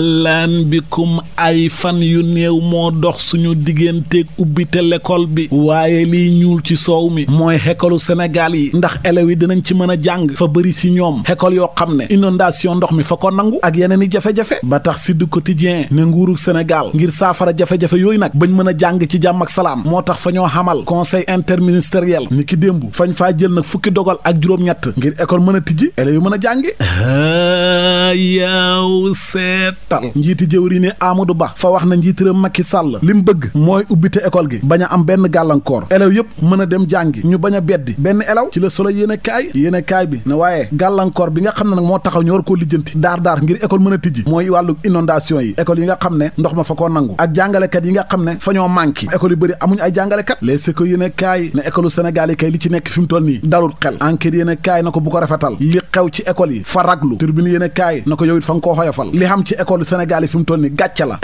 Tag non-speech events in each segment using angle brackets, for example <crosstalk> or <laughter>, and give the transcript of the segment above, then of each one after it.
ahlan bikum ay fan yu néew moo dox suñu ubbi te l'école bi waaye liy ñuul ci soow mi mooy école Sénégal yi ndax elew yi dinañ ci mën a jàng fa bëri si ñoom école yoo xam ne inondation ndox mi fa ko nangu ak yeneen i jafe-jafe ba tax si du quotidien ne nguuru Sénégal ngir saafara jafe-jafe yooyu nag bañ mën a jàng ci jàmm ak salaam moo tax fa ñoo xamal conseil interministériel ni ki démb fañ faa jël nag fukki dogal ak juróom-ñett ngir école mën a tijji élèves mën a jàngi gàttal njiiti jëwri ni Amadou Ba fa wax na njiitiram Macky Sall li bëgg mooy ubbite école gi bañ a am benn gàllankoor élèves yëpp mën a dem jàngi ñu bañ a beddi benn élève ci la solo yéen a kaay yéen a kaay bi ne waaye gàllankoor bi nga xam ne nag moo taxaw ñu war koo lijjanti daar daar ngir école mën a tijji mooy wàllu inondation yi école yi nga xam ne ndox ma fa koo nangu ak jàngalekat yi nga xam ne fa ñoo manqué école yu bëri amuñ ay jàngalekat les a kaay ne a kaay na ko bu ko rafetal li xew ci école yi fa raglu turbine yéen a kaay na xolu Sénégal yi fi mu toll ni gàcce la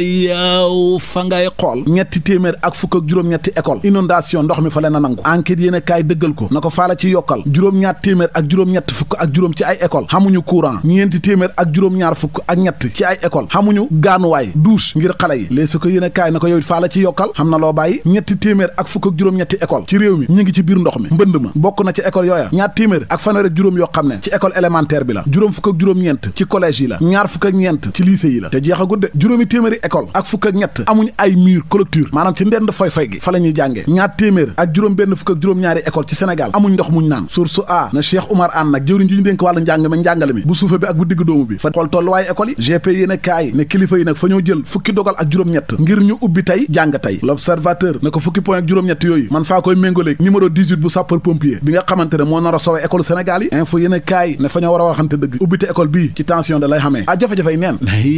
yaaw fa ngay xool ñetti téeméer ak fukk ak juróom-ñetti école inondation ndox mi fa leen a nangu enquête yéen a kaay dëggal ko na ko faala ci yokkal juróom-ñaar téeméer ak juróom fukk ak juróom ci ay école xamuñu courant ñeenti téeméer ak juróom-ñaar fukk ak ñett ci ay école xamuñu gaanuwaay douche ngir xale yi léeg su ko yéen a kaay na ko yow faala ci yokkal xam na loo bàyyi ñetti téeméer ak fukk ak juróom-ñetti école ci réew mi ñu ngi ci biir ndox mi mbënd ma bokk na ci école yooya ñaar téeméer ak fanweer ak juróom yoo xam ne ci école élémentaire bi ci collège la ñaar fukk ak ñeent ci lycée yi la te jeexagut de juróomi téeméeri école ak fukk ak ñett amuñ ay mur clôture maanaam ci ndend foy foy gi fa la ñuy jàngee ñaar téeméer ak juróom benn fukk ak juróom-ñaari école ci Sénégal amuñ ndox muñ naan source a na Cheikh Oumar Anne nag jëwriñ ji ñu dénk wàllu njàng mi njàngale mi bu suufe bi ak bu digg doomu bi fa xool tolluwaay école yi GP yi ne kaay ne kilifa yi nag fa ñoo jël fukki dogal ak juróom-ñett ngir tey jàng tey l'observateur ne ko fukki point ak yooyu man faa ne moo a sowe école Sénégal yi info yi ne kaay ne fa ñoo a jafe-jafey neen lay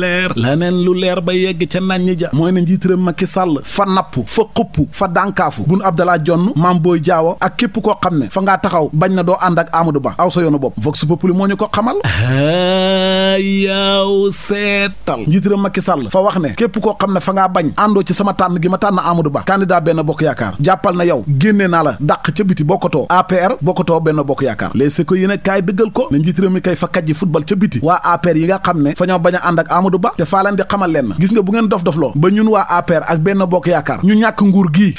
leer la neen lu leer ba yegg ca naan ñi ja mooy ne njiitëram Macky Sall fa napp fa xupp fa dànkaafu bun Abdallah Jonn Mame Boye jaawo ak képp koo xam ne fa ngaa taxaw bañ na doo ànd ak Amadou Ba aw sa yoonu bopp Vox Populi moo ñu ko xamal yaaw seetal njiitëram Macky Sall fa wax ne képp koo xam ne fa ngaa bañ àndoo ci sama tànn gi ma tànn Amadou Ba candidat benn bokk yaakaar jàppal na yow génnee naa la dàq ca biti bokkatoo APR benn bokk yaakaar léeg a kaay waa APR yi nga xam ne fa ñoo bañ a ànd ak Amadou Ba te faa leen di xamal leen gis nga bu ngeen dof dofloo ba ñun waa APR ak benn bokk yaakaar ñu ñàkk nguur gii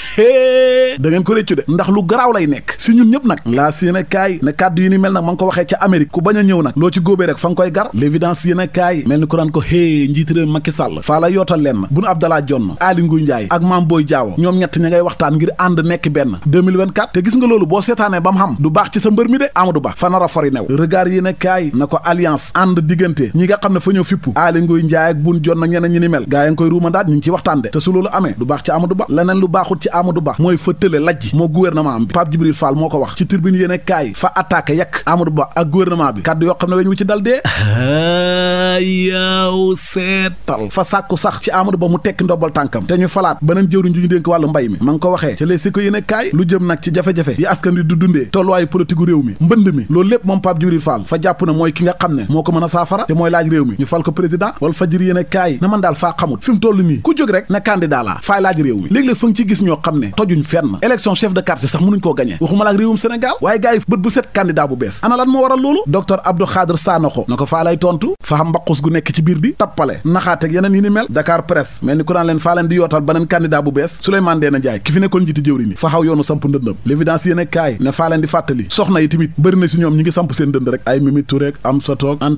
da ngeen ko réccu de ndax lu garaaw lay nekk si ñun ñëpp nag laa si yéen kàddu yi ni mel nag ma ngi ko waxee ca Amérique ku bañ a ñëw nag loo ci góobee rek fa koy gar l'évidence yéen mel ni ko daan ko hée njiit réew Macky Sall faa la yootal leen Boun Abdallah Dionne Aly Ngouille ak Mame ñett ña ngay waxtaan ngir ànd nekk benn 2024 te gis nga loolu boo seetaanee ba mu xam du baax ci a fori new regard ànd diggante ñi nga xam ne fa ñoo fippu Aly Ngouille Ndiaye ak Boun Dionne ak ñeneen ñi ni mel gaa koy ruumandaat ñu ngi ci waxtaan de te su loolu amee du baax ci Amadou Ba leneen lu baaxul ci Amadou Ba mooy fa tële lajj moo gouvernement bi Pape Djibril Fall moo ko wax ci tribune yéen kaay fa attaqué yekk Amadou Ba ak gouvernement bi kàddu yoo xam ne weñ wu ci dal dee yaaw seetal fa sàkku sax ci Amadou Ba mu tekki ndobbal tànkam te ñu falaat beneen jëwriñ ju ñu dénk wàllu ma ngi ko waxee ci les si ko yéen du dundee tolluwaayu politique réew mi mbënd mi loolu lépp moom Pape Djibril Fall ko saafara te mooy laaj réew mi ñu fal ko président wala fajir yéen na man daal faa xamut fi mu toll nii ku jóg rek ne candidat laa faay laaj réew mi léeg-léeg fa ci gis ñoo xam ne tojuñ fenn élection chef de quartier sax mënuñ koo gagné waxuma laak réewum Sénégal waaye gars bët bu set candidat bu bees ana lan waral loolu docteur Abdou Khadre Sanokho na ko faa lay tontu fa xam mbaqus gu nekk ci biir bi tappale naxaateeg yeneen yi ni mel Dakar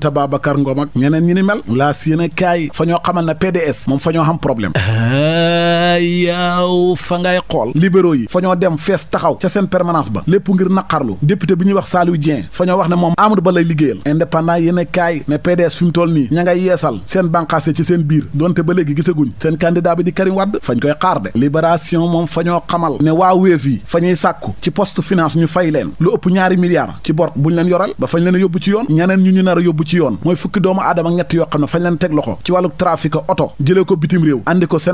te Babacar Ngom ak ñeneen ñi ni mel laas yéen a kaay fa ñoo xamal na PDS moom fa ñoo xam problème <laughs> yaaw fa ngay xool libéraux yi fa ñoo dem fees taxaw ca seen permanence ba lépp ngir naqarlu député bi ñuy wax Saliou Dieng fa ñoo wax ne moom Amadou Ba lay liggéeyal indépendant yéen kaay ne PDS fi mu nii ña ngay yeesal seen bànqaase ci seen biir donte ba léegi gisaguñ seen candidat bi di Karim Wade fañ koy xaar de libération moom fañoo ñoo xamal ne waa wéef yi fa ñuy sàkku ci poste finance ñu fay leen lu ëpp ñaari milliards ci bor buñ leen yoral ba fañ leen yóbbu ci yoon ñu ñu nar a ci yoon mooy fukki doomu aadama ñett yoo xam ne fañ leen teg loxo ci ko bitim réew andi ko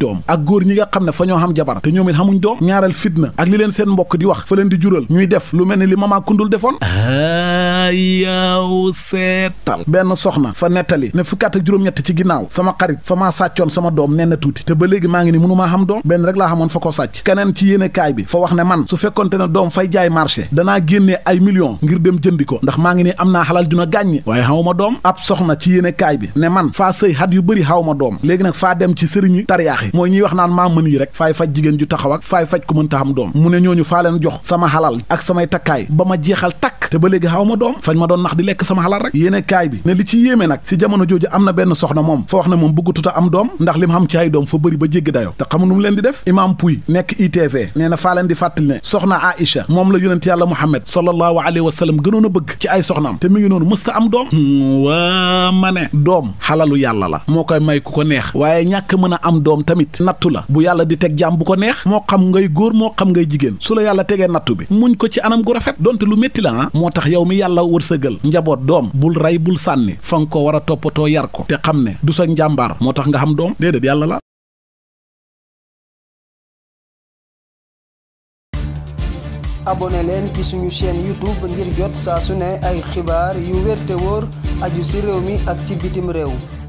amuñ ak góor ñi nga xam ne fa ñoo xam jabar te ñoom it xamuñ doom ñaaral fitna ak li leen seen mbokk di wax fa leen di jural ñuy def lu mel ni li mama kundul defoon yaaw seetal benn soxna fa nettali ne fukkaat ak juróom ñetti ci ginnaaw sama xarit fa maa sàccoon sama doom nen na tuuti te ba léegi maa ngi ni mënumaa xam doom benn rek laa xamoon fa ko sàcc keneen ci yéene kaay bi fa wax ne man su fekkonte ne doom fay jaay marché danaa génnee ay millions ngir dem jëndi ko ndax maa ngi ni am naa xalal duna gàññi waaye xawma doom ab soxna ci yéene bi ne man faa sëy yu bëri xawma doom léegi nag faa dem ci sëriñu naxe mooy ñuy wax naan maa mën yi rek faay faj jigéen ju taxaw ak faay faj ku mënta am doom mu ne ñooñu faa leen jox sama xalal ak samay takkaay ba ma jeexal takk te ba léegi xaw ma doom fañ ma doon nax di lekk sama xalal rek yéene kaay bi ne li ci yéeme nag si jamono jooju am na benn soxna moom fa wax ne moom bëggututa am doom ndax li mu xam ci ay doom fa bëri ba jéggi dayo te xamu leen di def imaam Puy nekk ITV nee na faa leen di fàttali ne soxna Aïcha moom la yonent yàlla Muhammad sallallahu alayhi wa a bëgg ci ay soxnaam te mi am doom hmm, waa doom xalalu yàlla la moo koy may ku ko neex waaye ñàkk mën a am tamit nattu la bu yàlla di teg jaam bu ko neex moo xam ngay góor moo xam ngay jigéen su la yàlla tegee nattu bi muñ ko ci anam gu rafet donte lu metti la ah moo tax yow mi yàlla sa gël njaboot doom bul rey bul sànni fa ko war a toppatoo yar ko te xam ne du sa njàmbaar moo tax nga xam doom déedéet yàlla la abonné leen ci suñu xibaar yu wér ci réew mi ak ci bitim réew